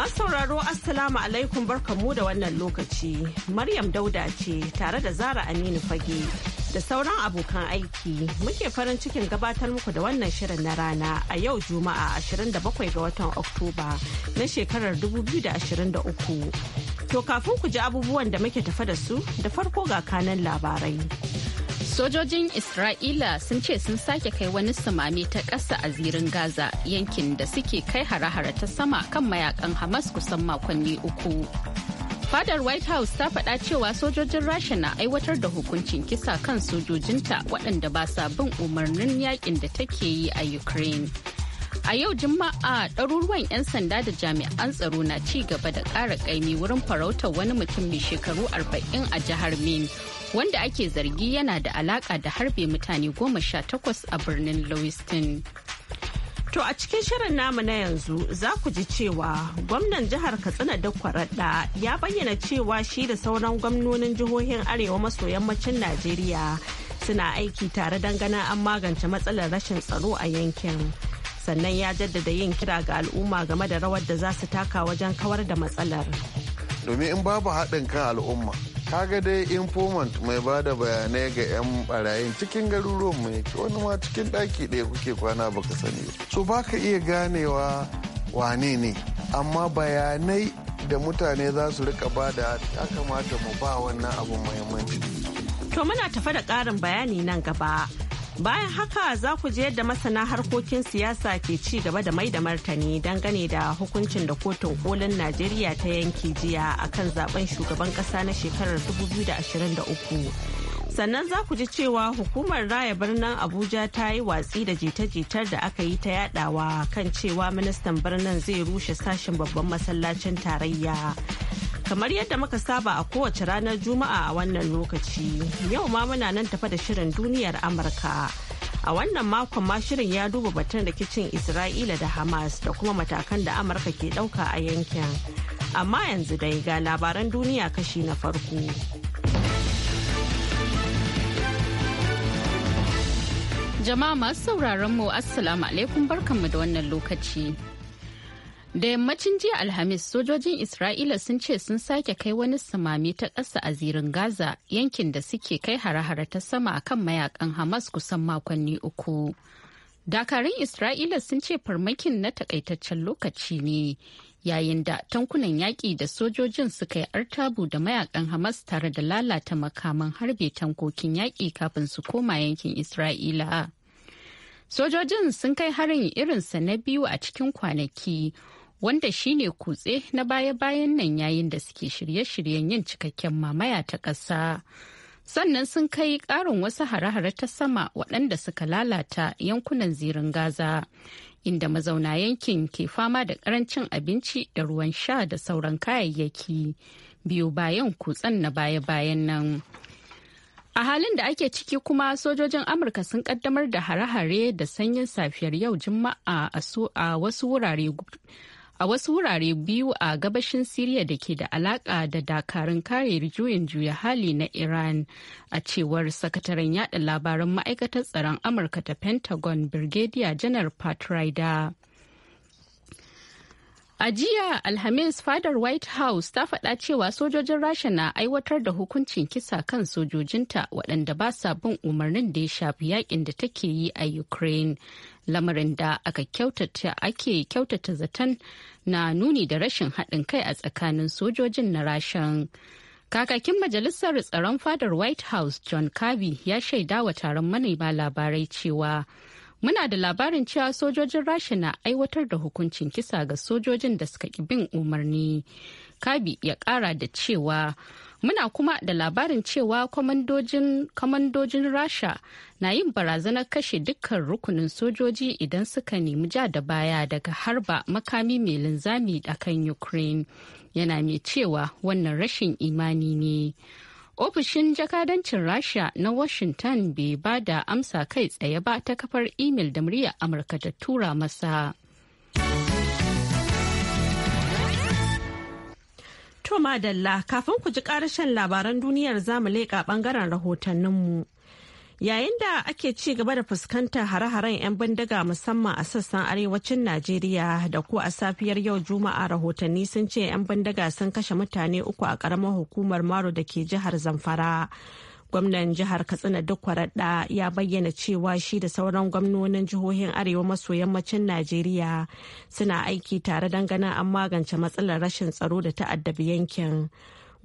Masu sauraro Assalamu alaikum mu da wannan lokaci. Maryam Dauda ce tare da Zara Aminu Fage da sauran abokan aiki muke farin cikin gabatar muku da wannan shirin na rana a yau Juma'a 27 ga watan Oktoba na shekarar 2023. To kafin ku ji abubuwan da muke tafa da su da farko ga kanan labarai. Sojojin Isra'ila sun ce sun sake kai wani sumame ta ƙasa a zirin Gaza yankin da suke kai hare-hare ta sama kan mayakan Hamas kusan makonni uku. Fadar White House ta faɗa cewa sojojin Rasha na aiwatar da hukuncin kisa kan sojojinta waɗanda ba sa bin umarnin yakin da take yi a Ukraine. A yau Juma'a ɗaruruwan 'yan sanda da jami'an tsaro na ci gaba da ƙara ƙaimi wurin farautar wani mutum mai shekaru 40 a jihar Maine wanda ake zargi yana da alaka da harbe mutane goma sha takwas a birnin lewiston To a cikin shirin namu na yanzu za ku ji cewa gwamnan jihar Katsina da kwaraɗa ya bayyana cewa shi da sauran gwamnonin jihohin arewa maso yammacin Najeriya suna aiki tare don ganin an magance matsalar rashin tsaro a yankin. Sannan ya jaddada yin kira ga al'umma game da rawar da za su taka wajen kawar da matsalar. Domin in babu haɗin kan al'umma kaga dai informant mai ba da bayanai ga 'yan barayin cikin garuruwan mai wani ma cikin ɗaki ɗaya kuke kwana baka sani so baka iya ganewa wane ne amma bayanai da mutane za su rika bada ya kamata mu ba wannan abin muhimmanci to muna tafa da ƙarin bayani nan gaba Bayan haka za ku je yadda masana harkokin siyasa ke ci gaba da mai da martani dangane da hukuncin da kotun kolin Najeriya ta yanki jiya a kan zaben shugaban kasa na shekarar 2023. Sannan za ku ji cewa hukumar raya birnin Abuja ta yi watsi da jita-jitar da aka yi ta yadawa kan cewa ministan birnin zai rushe sashen babban masallacin tarayya. Kamar yadda muka saba a kowace ranar Juma'a a wannan lokaci, yau ma muna nan tafa da shirin duniyar Amurka. A wannan makon ma shirin ya duba batun rikicin Isra'ila da Hamas da kuma matakan da Amurka ke ɗauka a yankin. Amma yanzu dai ga labaran duniya kashi na farko. Jama'a masu sauraron mu Assalamu alaikum barkanmu da wannan lokaci. Da yammacin jiya Alhamis sojojin Isra'ila sun ce sun sake kai wani samami ta ƙasa a zirin Gaza yankin da suke kai hare-hare ta sama a kan mayakan Hamas kusan makonni uku. Dakarun Isra'ila sun ce farmakin na takaitaccen lokaci ne yayin da tankunan yaƙi da sojojin suka yi artabu da mayakan Hamas tare da lalata makaman harbe tankokin yaƙi kafin su koma yankin Isra'ila. Sojojin sun kai harin irinsa na biyu a cikin kwanaki. wanda shine kutse na baya-bayan nan yayin da suke shirye-shiryen yin cikakken mamaya ta ƙasa. Sannan sun kai ƙarin wasu hare-hare ta sama waɗanda suka lalata yankunan zirin Gaza, inda mazauna yankin ke fama da ƙarancin abinci da ruwan sha da sauran kayayyaki biyu bayan kutsen na baya-bayan nan. A halin da ake ciki kuma sojojin Amurka sun kaddamar da hare-hare da sanyin safiyar yau Juma'a a wasu wurare a wasu wurare biyu a gabashin Siriya da ke da alaka da dakarun kare juyin juya hali na Iran a cewar sakataren yada labaran ma'aikatar tsaron Amurka ta Pentagon Brigadier Janar Pat Ryder. A jiya Alhamis fadar White House ta faɗa cewa sojojin Rasha na aiwatar da hukuncin kisa kan sojojinta waɗanda ba sa bin umarnin da ya shafi yakin da take yi a Ukraine. lamarin da aka kyautata ake kyautata zaton na nuni da rashin haɗin kai a tsakanin sojojin na rashin kakakin majalisar tsaron fadar white house john kirby ya shaida wa taron manema labarai cewa muna da labarin cewa sojojin rasha na aiwatar da hukuncin kisa ga sojojin da suka ki bin umarni kabi ya ƙara da cewa muna kuma da labarin cewa kwamandojin rasha na yin barazanar kashe dukkan rukunin sojoji idan suka nemi ja da baya daga harba makami mai linzami a kan ukraine yana mai cewa wannan rashin imani ne ofishin jakadancin rasha na washington bai ba da amsa kai tsaye ba ta kafar imel da muryar amurka ta tura masa To madalla kafin ku ji karashen labaran duniyar zamu leƙa ɓangaren rahotanninmu. Yayin da ake ci gaba da fuskantar hare-haren 'yan bindiga musamman a sassan arewacin Najeriya da ko a safiyar yau Juma'a rahotanni sun ce 'yan bindiga sun kashe mutane uku a ƙaramar hukumar Maro da ke jihar Zamfara. gwamnan jihar katsina duk kwaradda ya bayyana cewa shi da sauran gwamnonin jihohin arewa maso yammacin najeriya suna aiki tare don ganin an magance matsalar rashin tsaro da ta'addabi yankin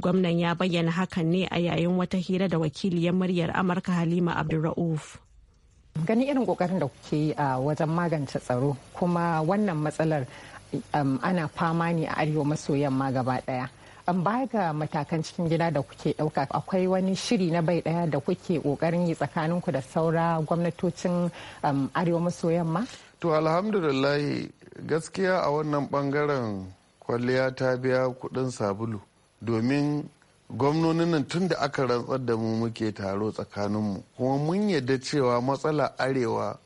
gwamnan ya bayyana hakan ne a yayin wata hira da wakiliyar muryar amurka halima abdulra'uf gani irin kokarin da kuke yi a wajen magance tsaro kuma wannan matsalar um, ana fama ne a arewa maso yamma gaba daya an baya ga matakan cikin gida da kuke ɗauka akwai wani shiri na bai ɗaya da kuke ƙoƙarin yi ku da saura gwamnatocin um, arewa maso yamma? To alhamdulillahi gaskiya a wannan bangaren kwalliya ta biya kuɗin sabulu domin gwamnonin nan tun da aka rantsar da mu muke taro tsakanin mu kuma mun yadda cewa matsala arewa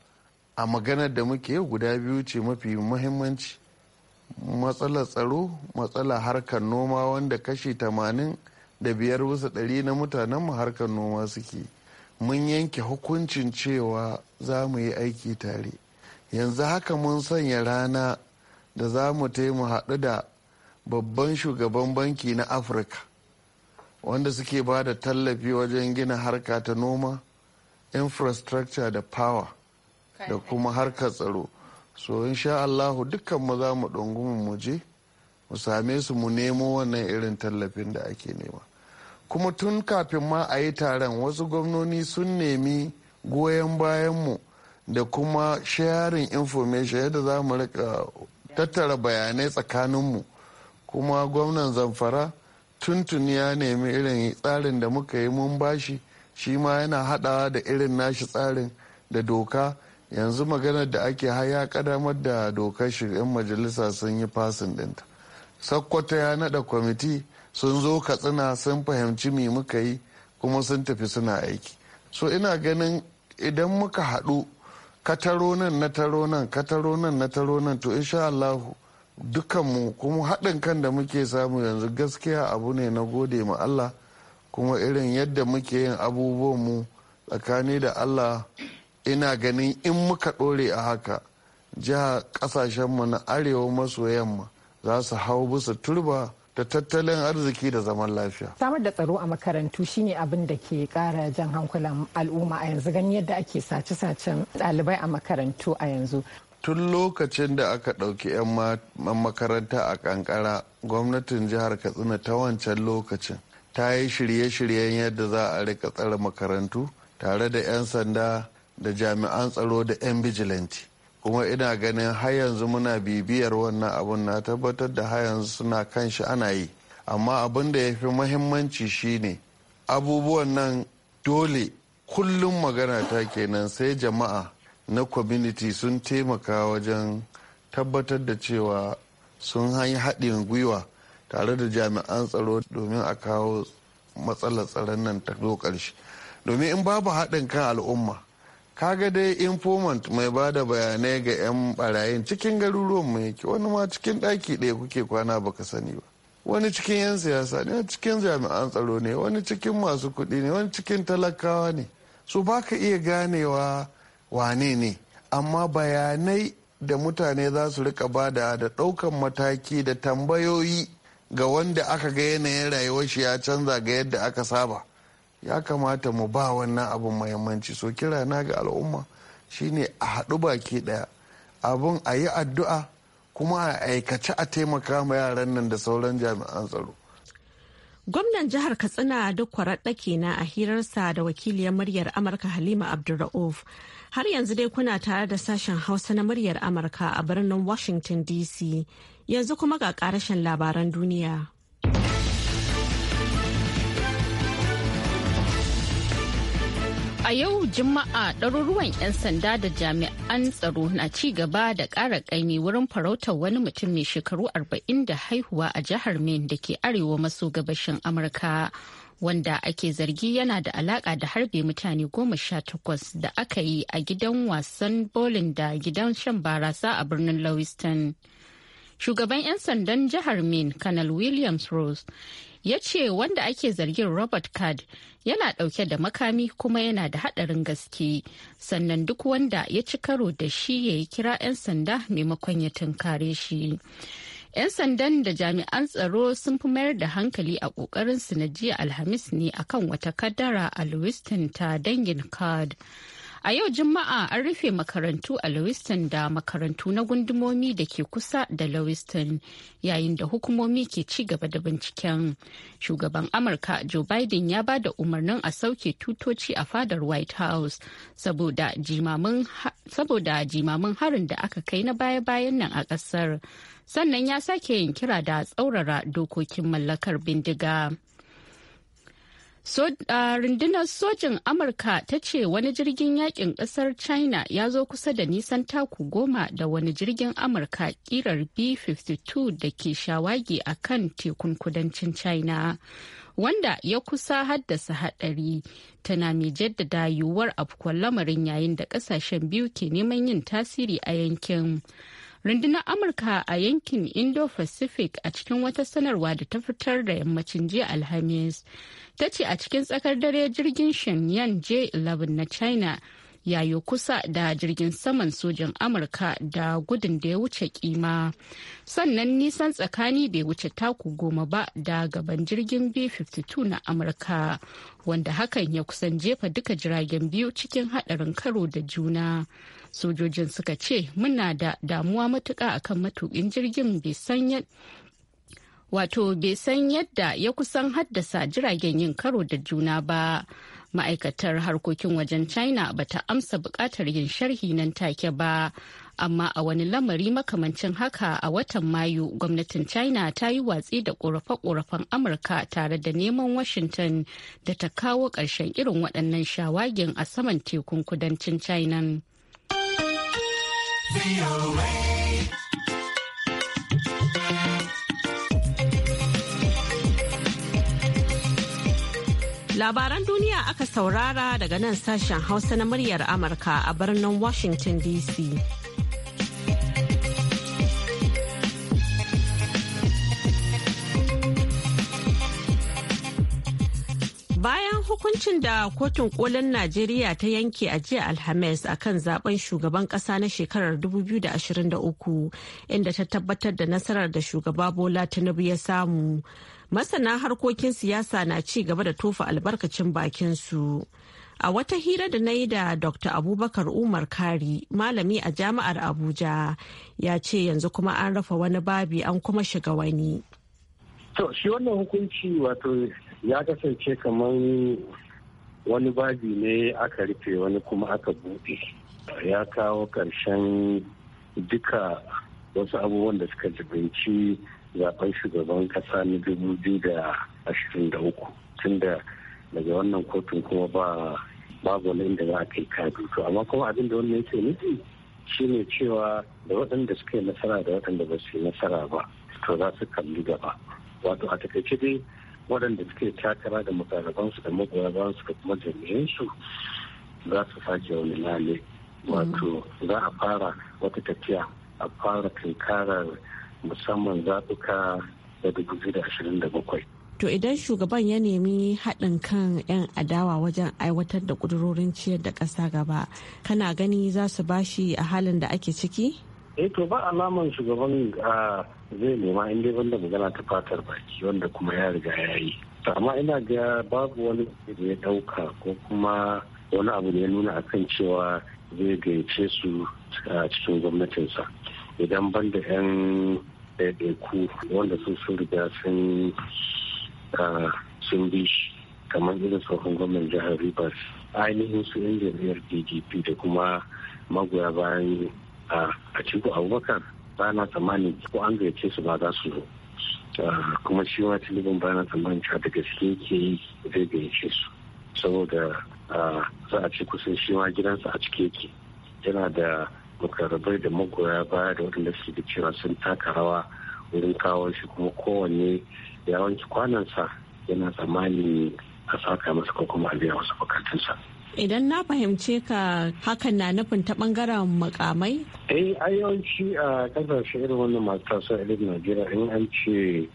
a maganar da muke guda biyu ce mafi muhimmanci matsalar tsaro matsalar harkar noma wanda kashi tamanin da biyar bisa ɗari na mutanenmu harkar noma suke mun yanke hukuncin cewa za mu yi aiki tare yanzu haka mun sanya rana da za mu mu haɗu da babban shugaban banki na afirka wanda suke ba da tallafi wajen gina harka ta noma infrastructure da power da kuma harkar tsaro so sha allahu dukkan mu za mu ɗungumi mu je mu same su mu nemo wannan irin tallafin da ake nema kuma tun kafin ma a yi taron wasu gwamnoni sun nemi goyon bayan mu da kuma sharing information yadda za mu rika tattara bayanai tsakanin mu kuma gwamnan zamfara tuntuni ya nemi irin tsarin da muka yi mun bashi shi ma yana hadawa da irin nashi tsarin da doka yanzu magana da ake haya kadamar da dokar shirin majalisa sun yi fasin dinta sakkwata ya nada kwamiti sun zo katsina sun fahimci me muka yi kuma sun tafi suna aiki so ina ganin idan muka haɗu kataronan nan na taro nan na taro nan to insha allahu dukanmu kuma haɗin kan da muke samu yanzu gaskiya abu ne na gode ma Allah kuma irin yadda muke yin abubuwanmu tsakani da Allah ina ganin in muka ɗore a haka jiha ƙasashenmu na arewa maso yamma za su hau bisa turba da tattalin arziki da zaman lafiya. Samar da tsaro a makarantu shine abin da ke kara jan hankulan al'umma a yanzu gani yadda ake sace-sacen ɗalibai a makarantu a yanzu. Tun lokacin da aka ɗauki 'yan makaranta a kankara gwamnatin jihar Katsina ta wancan lokacin ta yi shirye-shiryen yadda za a rika tsara makarantu tare da 'yan sanda da jami'an tsaro da 'yan bijilanti kuma ina ganin har yanzu muna bibiyar wannan abun na tabbatar da har yanzu suna kan shi ana yi amma abin da ya fi mahimmanci shine abubuwan nan dole kullum magana ta kenan sai jama'a na community sun taimaka wajen tabbatar da cewa sun hanyi haɗin gwiwa tare da jami'an tsaro domin a kawo matsalar tsaron nan ta zo ƙarshe domin in babu haɗin kan al'umma kaga dai informant mai ba da bayanai ga 'yan barayin cikin garuruwan mu yake wani ma cikin daki ɗaya kuke kwana baka sani ba wani cikin 'yan siyasa ne cikin jami'an tsaro ne wani cikin masu kuɗi ne wani cikin talakawa ne su baka iya ganewa wane ne amma bayanai da mutane za su rika bada da ɗaukan mataki da tambayoyi ga wanda aka ga yanayin rayuwar shi ya canza ga yadda aka saba ya kamata mu ba wannan abin mahimmanci so kira na ga al'umma shine a haɗu baki ɗaya abin a yi addu'a kuma a aikace a taimaka ma yaran nan da sauran jami'an tsaro gwamnan jihar katsina duk kwaraɗa kenan a hirarsa da wakiliyar muryar amurka halima abdulra'uf har yanzu dai kuna tare da sashen hausa na muryar amurka a birnin washington dc yanzu kuma ga karashen labaran duniya A yau Juma'a ɗaruruwan 'yan sanda da jami'an tsaro na ci gaba da ƙara ƙaimi wurin farautar wani mutum mai shekaru 40 da haihuwa a jihar Maine da ke arewa maso gabashin Amurka. Wanda ake zargi yana da alaƙa da harbe mutane goma sha takwas da aka yi a gidan wasan bolin da gidan shan barasa a birnin Lewiston. Shugaban 'yan sandan jihar Maine, Colonel Williams Rose, ya ce wanda ake zargin robert card yana dauke da makami kuma yana da hadarin gaske sannan duk wanda ya ci karo da shi ya yi kira 'yan sanda maimakon ya tunkare shi 'yan sandan da jami'an tsaro sun fi mayar da hankali a su na jiya alhamis ne akan wata kadara a lewiston ta dangin card A yau Juma'a an rufe makarantu a Lewiston da makarantu na gundumomi da ke kusa da Lewiston yayin da hukumomi ke ci gaba da binciken. Shugaban Amurka Joe Biden ya ba da umarnin a sauke tutoci a fadar White House saboda jimamin harin da aka kai na baya-bayan nan a ƙasar. Sannan ya sake yin kira da tsaurara dokokin mallakar bindiga. So, uh, rundunar sojin Amurka ta ce wani jirgin yakin kasar China ya zo kusa da nisan taku goma da wani jirgin Amurka kirar B-52 da ke shawagi a kan tekun kudancin China. Wanda ya kusa haddasa hadari tana mai jaddada yiwuwar afkuwar lamarin yayin da kasashen biyu ke neman yin tasiri a yankin. rundunar amurka a yankin indo-pacific a cikin wata sanarwa da ta fitar da yammacin jiya alhamis ta ce a cikin tsakar dare jirgin shenyang j11 na china yayo kusa da jirgin saman sojin amurka da gudun da ya wuce kima sannan nisan tsakani bai wuce taku goma ba da gaban jirgin b-52 na amurka wanda hakan ya kusan jefa duka jiragen biyu cikin hadarin karo da juna sojojin suka ce muna da damuwa matuka akan matukin jirgin bai san wato bai san yadda ya kusan haddasa jiragen yin karo da juna ba ma'aikatar harkokin wajen china bata amsa bukatar yin sharhi nan take ba amma a wani lamari makamancin haka a watan mayu gwamnatin china ta yi watsi da ƙorafe-ƙorafen amurka tare da neman washington da ta kawo ƙarshen irin waɗannan shawagin a saman tekun kudancin china. Labaran duniya aka saurara daga nan sashen Hausa na muryar Amurka a birnin Washington DC. Bayan hukuncin da kotun kolin Najeriya ta yanke a jiya Alhamis a kan zaben shugaban kasa na shekarar 2023 inda ta tabbatar da nasarar da shugaba Bola Tinubu ya samu. masana harkokin siyasa na ci gaba da tofa albarkacin bakinsu. A wata hira da na yi da Dr. Abubakar Umar Kari, malami a jami'ar Abuja, ya ce yanzu kuma an rafa wani babi an kuma shiga wani. To, shi wannan hukunci wato ya kasance kamar wani babi ne aka rufe wani kuma aka buɗe. Ya kawo ƙarshen duka wasu abubuwan da suka jibinci zaben shugaban kasa na dubu biyu da ashirin da uku tunda daga wannan kotun kuma ba babu wani inda za a kai kadu to amma kuma abin da wannan yake nufi shine cewa da waɗanda suka yi nasara da waɗanda ba su yi nasara ba to za su kalli gaba wato a takaice dai waɗanda suke takara da mutarabansu da magoyabansu da kuma jami'ansu za su sake wani lale wato za a fara wata tafiya a fara tunkarar musamman zaɓuka da 2027. To idan shugaban ya nemi haɗin kan 'yan adawa wajen aiwatar da ƙudurorin ciyar da ƙasa gaba, kana gani za su bashi a halin da ake ciki? Eh to ba alaman shugaban ah, zai nema in dai banda magana ta fatar baki wanda kuma ya riga ya yi. Amma ina ga babu wani da ya ɗauka ko kuma wani abu da ya nuna akan cewa zai gayyace su a ah, cikin gwamnatinsa. idan ban da 'yan ɗaiɗaiku wanda su sun riga sun sun bi shi kamar irin tsohon gwamnan jihar rivers ainihin su yan jam'iyyar dgp da kuma magoya bayan a cikin abubakar ba na tsammanin ko an gayyace su ba za su zo kuma shi ma tilibin ba na tsammanin cewa daga suke ke yi zai gayyace su saboda za a ce kusan shi ma gidansa a cike yake yana da mukarabai da magoya baya da wadanda suke da cewa sun taka rawa wurin kawo shi kuma kowanne ya wanke kwanansa yana tsammani a saka masa ko kuma a biya wasu bukatunsa. Idan na fahimce ka hakan na nufin ta bangaren makamai? Eh a yawanci a kasashe irin wannan masu a irin Najeriya in an ce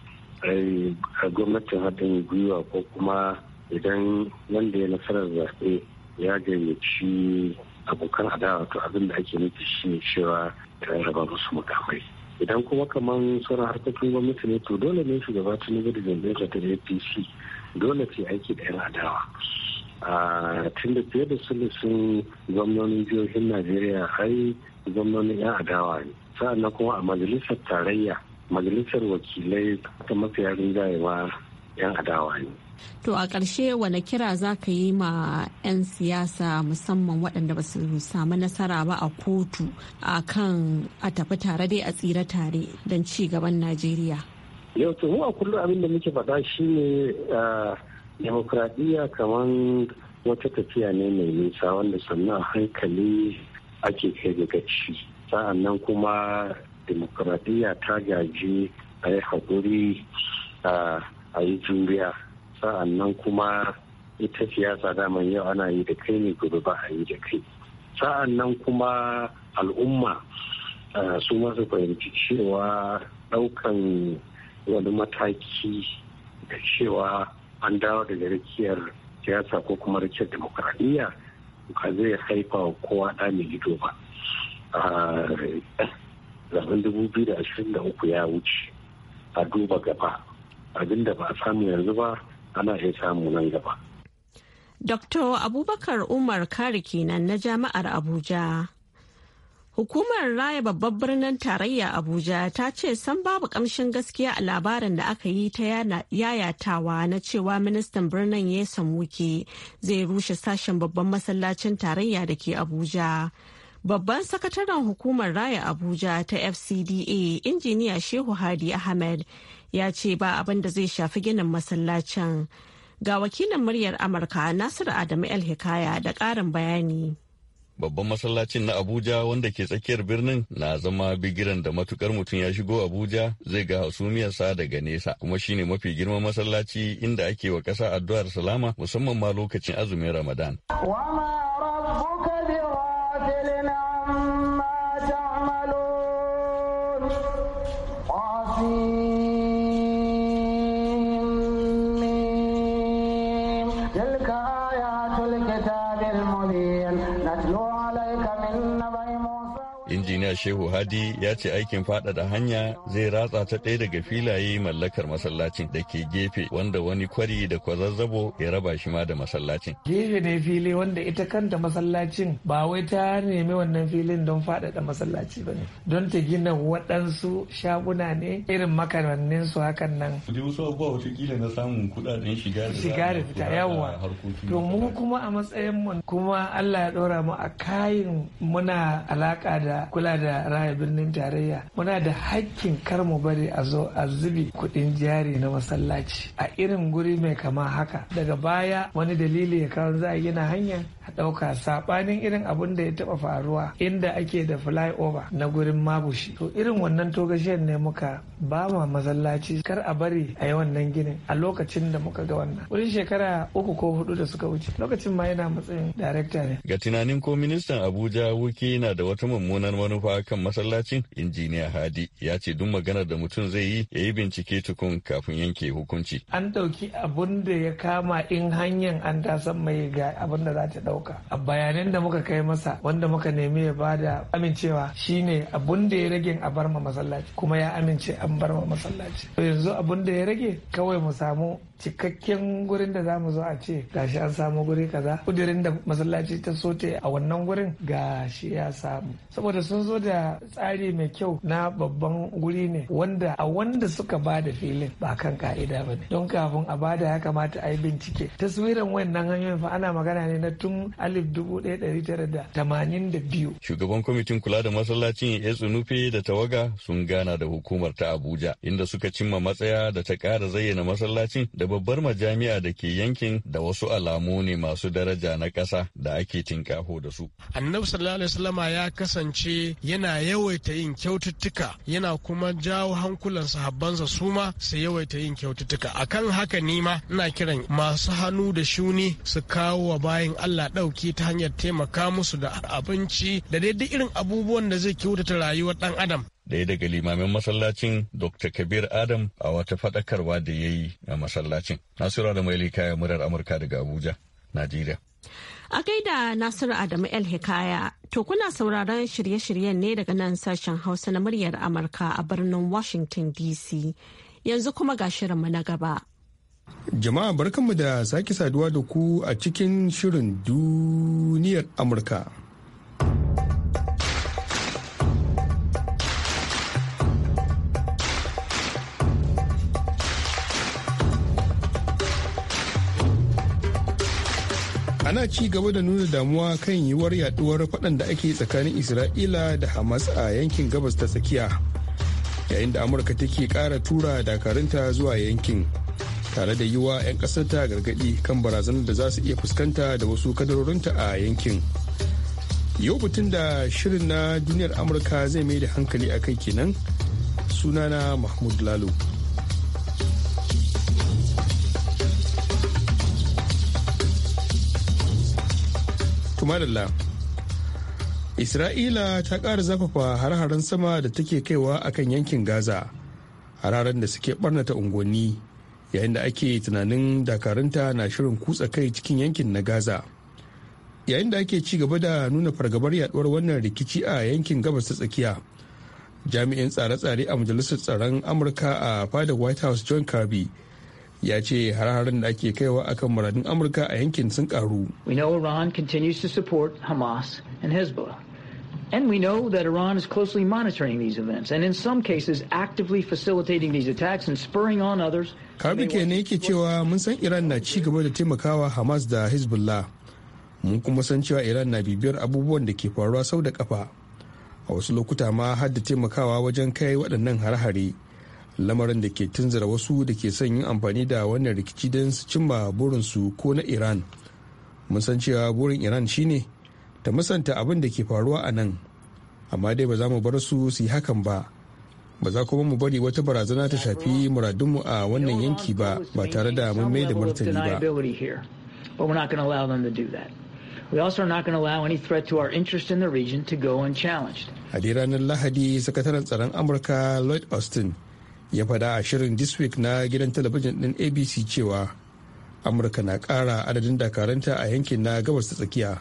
a gwamnatin haɗin gwiwa ko kuma idan wanda ya nasarar zaɓe ya gayyaci abokan adawa to abin da ake nufi shi ne cewa rarraba musu mukamai idan kuma kamar sauran harkokin gwamnati ne to dole ne shugaba tuni da jam'iyyar ta apc dole ce aiki da yan adawa tun da fiye da sun gwamnonin jihohin najeriya ai gwamnonin yan adawa ne sa'annan kuma a majalisar tarayya majalisar wakilai ta mafiya rinjaye ma yan adawa ne to a ƙarshe wane kira za ka yi ma 'yan siyasa musamman waɗanda ba su samu nasara ba a kotu a kan a tafi tare dai a tsira tare don ci gaban najeriya yau mu a kullum abin da muke faɗa shi shine demokradiyya kamar wata tafiya ne mai nisa wanda sannan hankali ake kai daga gaci sa'an kuma demokradiyya ta gaji a yi haƙuri a yi juriya Sa'annan kuma ita siyasa daman yau ana yi da kai ne gobe ba a yi da kai Sa'annan kuma al'umma su masu fahimci cewa ɗaukan wani mataki da cewa an dawo daga rikiyar siyasa ko kuma rikiyar demokradiyya ba zai haifa wa kowa ɗa mai ido ba zaben 2023 ya wuce a duba gaba abinda ba a samu yanzu ba ana iya samu nan gaba. Dr. Abubakar Umar Kari kenan na Jami'ar Abuja. Hukumar Raya babban birnin tarayya Abuja ta ce san babu kamshin gaskiya a labarin da aka yi ta yayatawa na cewa ministan birnin Yesan Wuke zai rushe sashen babban masallacin tarayya da ke Abuja. Babban sakataren hukumar Raya Abuja ta FCDA, injiniya Shehu Hadi Ahmed ya ce ba abin da zai shafi ginin masallacin ga wakilin muryar amurka nasiru adamu el hikaya da ƙarin bayani babban masallacin na abuja wanda ke tsakiyar birnin na zama bigiran da matukar mutum ya shigo abuja zai ga hasumiyarsa daga nesa kuma shine mafi girman masallaci inda ake wa ƙasa addu'ar salama musamman ma lokacin azumin ramadan Thank you. Shehu Hadi ya ce aikin faɗaɗa hanya zai ratsa ta ɗaya daga filaye mallakar masallacin da ke gefe wanda wani kwari da kwazazzabo ya raba shi ma da masallacin. Gefe ne fili wanda ita kanta masallacin ba wai ta nemi wannan filin don faɗaɗa masallaci ba ne don ta gina waɗansu shaguna ne irin makarannin su hakan nan. Da wasu abubuwa watakila na samun kuɗaɗen shiga da shiga da To mu kuma a matsayin mu kuma Allah ya ɗora mu a kayin muna alaƙa da kula da da raya birnin tarayya muna da hakkin kar mu bari a zo a zubi kuɗin jari na masallaci a irin guri mai kama haka daga baya wani dalili ya kawo za a gina hanyar. a ɗauka saɓanin irin abin da ya taɓa faruwa inda ake da flyover na gurin mabushi to irin wannan togashiyar ne muka ba ma masallaci kar a bari a yi wannan ginin a lokacin da muka ga wannan wurin shekara uku ko hudu da suka wuce lokacin ma yana matsayin darekta ne ga tunanin ko ministan abuja wuki yana da wata mummunar manufa kan masallacin injiniya hadi ya ce duk maganar da mutum zai yi ya yi bincike tukun kafin yanke hukunci an ɗauki abun da ya kama in hanyar an san mai ga abin da za ta ɗauka ɗauka a bayanan da muka kai masa wanda muka nemi ya bada amincewa shine abun da ya rage a bar ma masallaci kuma ya amince an bar ma masallaci to yanzu abun da ya rage kawai mu samu cikakken gurin da za mu zo a ce gashi an samu guri kaza kudirin da masallaci ta sote a wannan gurin gashi ya samu saboda sun zo da tsari mai kyau na babban guri ne wanda a wanda suka ba da filin ba kan ka'ida ba ne don kafin a bada ya kamata a yi bincike taswiran wannan hanyoyin fa ana magana ne na tun alif dubu ɗaya ɗari tara da tamanin da biyu shugaban kwamitin kula da masallacin ya tsunufe da tawaga sun gana da hukumar ta abuja inda suka cimma matsaya da ta ƙara zayyana masallacin da da babbar majami'a da ke yankin da wasu alamu ne masu daraja na ƙasa da ake tinkaho da su. Annabi sallallahu alaihi wasallama ya kasance yana yawaita yin kyaututtuka yana kuma jawo hankulan sahabbansa su ma su yawaita yin kyaututtuka. Akan haka ni ma ina kiran masu hannu da shuni su kawo wa bayan Allah ɗauki ta hanyar taimaka musu da abinci da daidai irin abubuwan da zai kyautata rayuwar ɗan adam. Daya daga limamin masallacin Dr. Kabir Adam a wata faɗakarwa da ya yi a masallacin. Nasiru da Maili murar Amurka daga Abuja, Najeriya. A gaida Nasiru Adamu El Hikaya, to kuna sauraron shirye-shiryen ne daga nan sashen Hausa na muryar Amurka a birnin Washington DC. Yanzu kuma ga shirinmu na gaba. Jama'a barkanmu da sake saduwa da ku a cikin shirin duniyar Amurka. ana ci gaba da nuna damuwa kan yiwuwar yaduwar faɗan da ake tsakanin isra'ila da hamas a yankin gabas ta tsakiya yayin da amurka take ƙara tura dakarunta zuwa yankin tare da yiwuwa 'yan ƙasarta gargaɗi kan barazanar da za su iya fuskanta da wasu kadarorinta a yankin yau butun da shirin na duniyar amurka zai mai da hankali a kai kenan sunana mahmud lalo tumarilla isra'ila ta ƙara zafafa har-haren sama da take kaiwa a kan yankin gaza hararen da suke barnata unguwanni yayin da ake tunanin dakarunta na shirin kutsa kai cikin yankin na gaza yayin da ake ci gaba da nuna fargabar yaduwar wannan rikici a yankin gabas ta tsakiya jami'in tsare-tsare a majalisar tsaron amurka a fadar white house john kirby ya ce har-harin da ake kaiwa akan muradin amurka a yankin sun karu we know to support hamas and hezbollah And we know that Iran is closely monitoring these events and in some cases actively facilitating these attacks and spurring on others. Karbi ne yake cewa mun san Iran na ci gaba da taimakawa Hamas da Hezbollah. Mun kuma san cewa Iran na bibiyar abubuwan da ke faruwa sau da kafa. A wasu lokuta ma har da taimakawa wajen kai waɗannan har-hare. lamarin da ke tunzura wasu da ke son yin amfani da wannan rikici don su cimma burinsu ko na iran mun san cewa burin iran shine ta musanta abin da ke faruwa a nan amma dai ba za mu bar su su yi hakan ba ba za kuma mu bari wata barazana ta shafi muradunmu a wannan yanki ba ba tare da mun mai da martani ba We also are not going to allow to our interest in to go unchallenged. A ranar Lahadi, Sakataren Tsaron Amurka Lloyd Austin ya fada a shirin this week na gidan talabijin din abc cewa amurka na ƙara adadin dakaranta a yankin na gabas ta tsakiya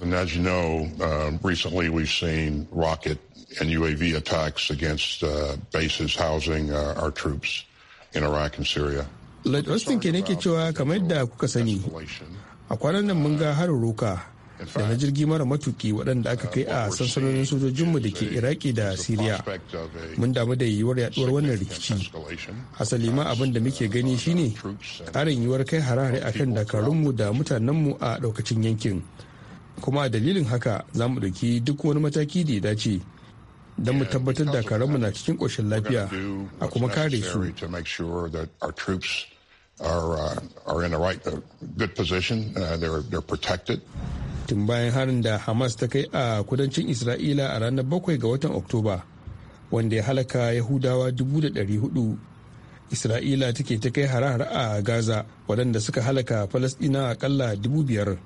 And as you know, uh, recently we've seen rocket UAV attacks against uh, bases housing uh, our troops in Iraq and Syria. Let us ke in cewa kamar yadda kuka sani, a kwanan nan mun ga harin roka da na jirgi mara matuki waɗanda aka kai a sansanonin sojojinmu da ke iraki da siriya mun damu da yiwuwar yaduwar wannan rikici asali ma abin da muke gani shine ƙarin yiwuwar kai harare akan dakarunmu da mutanenmu a ɗaukacin yankin kuma a dalilin haka za mu ɗauki duk wani mataki da ya dace don mu tabbatar da na cikin ƙoshin lafiya a kuma kare su are, uh, are in the right, uh, good position. Uh, they're, they're protected. tun bayan harin da hamas ta kai a kudancin isra'ila a ranar 7 ga watan oktoba wanda ya halaka yahudawa 400 isra'ila take ta kai hare-hare a gaza waɗanda suka halaka falasɗina akalla 5,000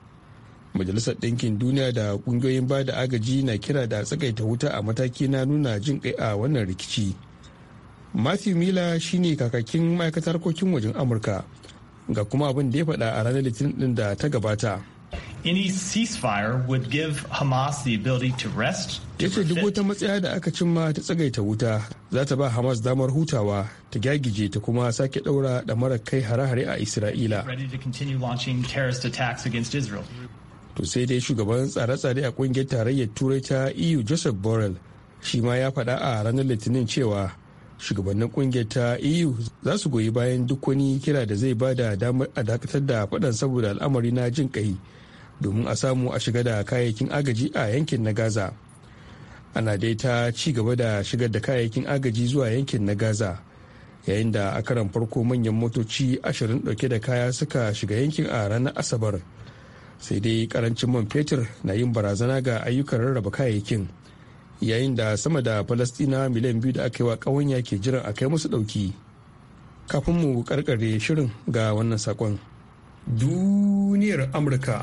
majalisar ɗinkin duniya da ƙungiyoyin ba da agaji na kira da tsakaita wuta a mataki na nuna jin kai a wannan rikici matthew miller shine kakakin ma'aikatar harkokin wajen amurka ga kuma abin da ya faɗa a ranar litinin da ta gabata Any ceasefire would give Hamas the ability to rest. Ya ce duk wata matsaya da aka cimma ta tsagaita wuta za ta ba Hamas damar hutawa ta gyagije ta kuma sake daura da mara kai hare-hare a Isra'ila. To sai dai shugaban tsare-tsare a kungiyar tarayyar turai ta EU Joseph Borrell shi ma ya faɗa a ranar Litinin cewa shugabannin kungiyar ta eu za su goyi bayan duk wani kira da zai ba da damar a dakatar da faɗan saboda al'amari na jin kai domin a samu a shiga da kayayyakin agaji a yankin na gaza ana dai ta ci gaba da shigar da kayayyakin agaji zuwa yankin na gaza yayin da a karan farko manyan motoci ashirin dauke da kaya suka shiga yankin a ranar asabar sai dai karancin man fetur na yin barazana ga ayyukan rarraba kayayyakin yayin da sama da falastina miliyan biyu da aka yi wa ƙawanya ke jiran a kai musu ɗauki kafin mu karkare shirin ga wannan sakon duniyar amurka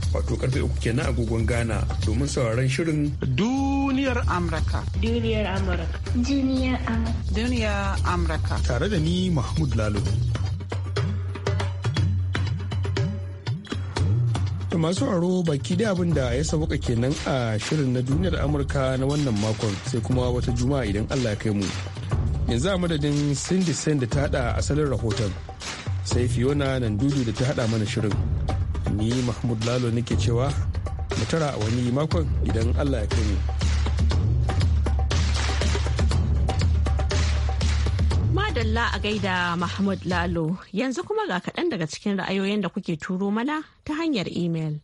wato karfe uku kenan agogon gana domin sauraron shirin Duniyar Amurka. Duniyar Amurka. Duniyar Amurka. Duniyar Amurka. Tare da ni Mahmud Lalo. da masu aro baki da abin da ya sabuka kenan a shirin na duniyar amurka na wannan makon sai kuma wata juma'a idan allah ya kai mu yanzu a madadin cindy sen da ta hada asalin rahoton sai fiona nan dudu da ta hada mana shirin ni mahmud lalo nake cewa mutara a wani makon idan allah ya kai madalla a gaida mahmud lalo yanzu kuma ga kaɗan daga cikin ra'ayoyin da kuke turo mana ta hanyar imel.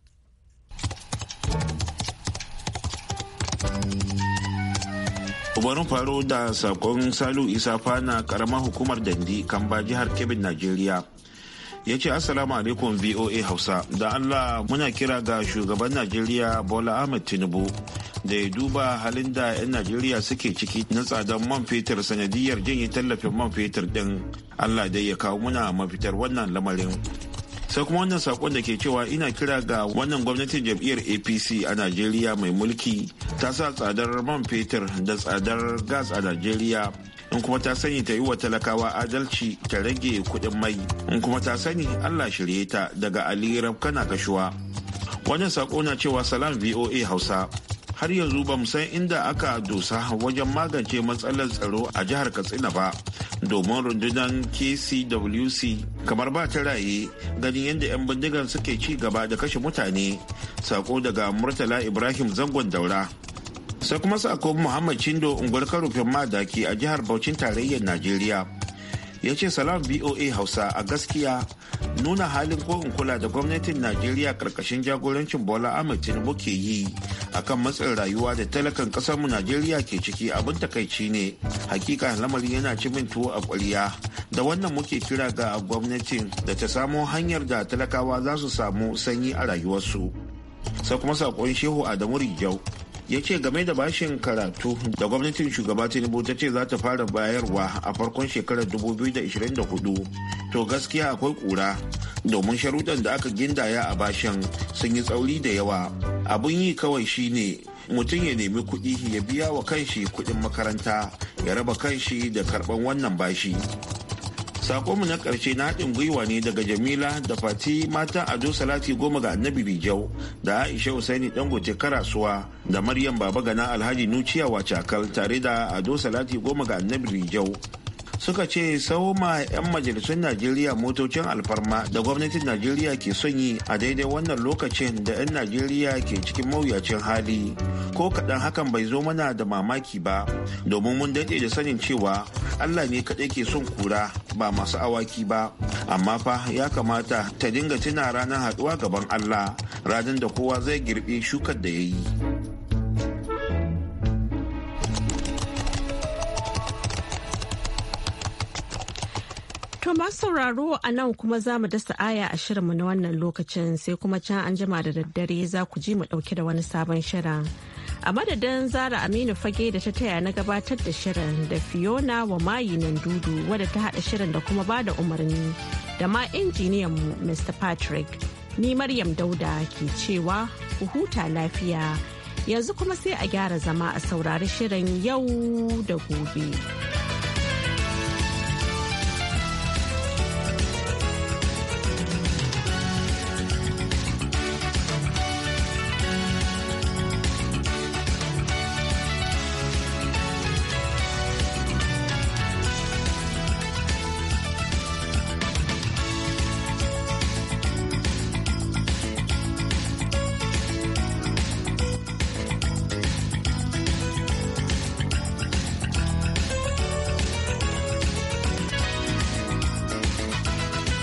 umarin faro da sakon salu isa na karamar hukumar dandi kan ba jihar kebin najeriya ya ce assalamu alaikum voa hausa da allah muna kira ga shugaban najeriya bola ahmed tinubu da ya duba halin da 'yan najeriya suke ciki na tsadar man fetur sanadiyar janye tallafin man fetur din allah dai ya kawo muna mafitar wannan lamarin sai kuma wannan sakon da ke cewa ina kira ga wannan gwamnatin jam'iyyar apc a najeriya mai mulki ta sa tsadar man fetur da tsadar gas a najeriya in kuma ta sani ta yi wa talakawa adalci ta rage kuɗin mai in kuma ta sani allah shirye ta daga ali kana kashuwa wannan sako na cewa salam voa hausa har yanzu ba san inda aka dosa wajen magance matsalar tsaro a jihar katsina ba domin rundunar kcwc kamar ba ta raye ganin yadda 'yan bindigar suke ci gaba da kashe mutane sako daga murtala ibrahim zangon daura sai kuma sako muhammad chindo unguwar karufin madaki a jihar Bauchin tarayyar najeriya ya ce salam boa hausa a gaskiya nuna halin ko in kula da gwamnatin najeriya karkashin jagorancin bola ahmed tinubu ke yi akan matsin rayuwa da talakan kasarmu najeriya ke ciki abin takaici ne hakika lamarin yana ci min tuwo a kwarya da wannan muke kira ga gwamnatin da ta samo hanyar da talakawa za su samu sanyi a rayuwarsu sai kuma sakon shehu adamu rijau ya ce game da bashin karatu da gwamnatin shugaba tinubu ta ce za ta fara bayarwa a farkon shekarar 2024 to gaskiya akwai kura domin sharuɗan da aka gindaya a bashin sun yi tsauri da yawa abun yi kawai shine mutum ya nemi kuɗi ya biya wa kanshi kuɗin makaranta ya raba kanshi da karɓan wannan bashi Sakonmu na ƙarshe na haɗin gwiwa ne daga Jamila da Fati mata Ado Salati goma ga Annabi Rijau da Aisha Usaini Dangote Karasuwa da Maryam Baba Gana Alhaji Nuciya Wacakal tare da Ado Salati goma ga Annabi Rijau suka ce sau ma 'yan majalisun najeriya motocin alfarma da gwamnatin najeriya ke son yi a daidai wannan lokacin da 'yan najeriya ke cikin mawuyacin hali ko kaɗan hakan bai zo mana da mamaki ba domin mun daɗe da sanin cewa allah ne kaɗai ke son kura ba masu awaki ba amma fa ya kamata ta dinga tuna ranar haɗuwa gaban allah ranar da kowa zai girbe shukar da ya yi To masu sauraro a nan kuma za mu dasa aya a shirinmu na wannan lokacin sai kuma can an jima da daddare za ku ji mu ɗauki da wani sabon shirin. A madadin Zara Aminu Fage da ta taya na gabatar da shirin da Fiona wa mayi nan dudu wadda ta haɗa shirin da kuma bada umarni da ma mu Mr. Patrick. Ni Maryam Dauda ke cewa ku huta lafiya yanzu kuma sai a gyara zama a saurari shirin yau da gobe.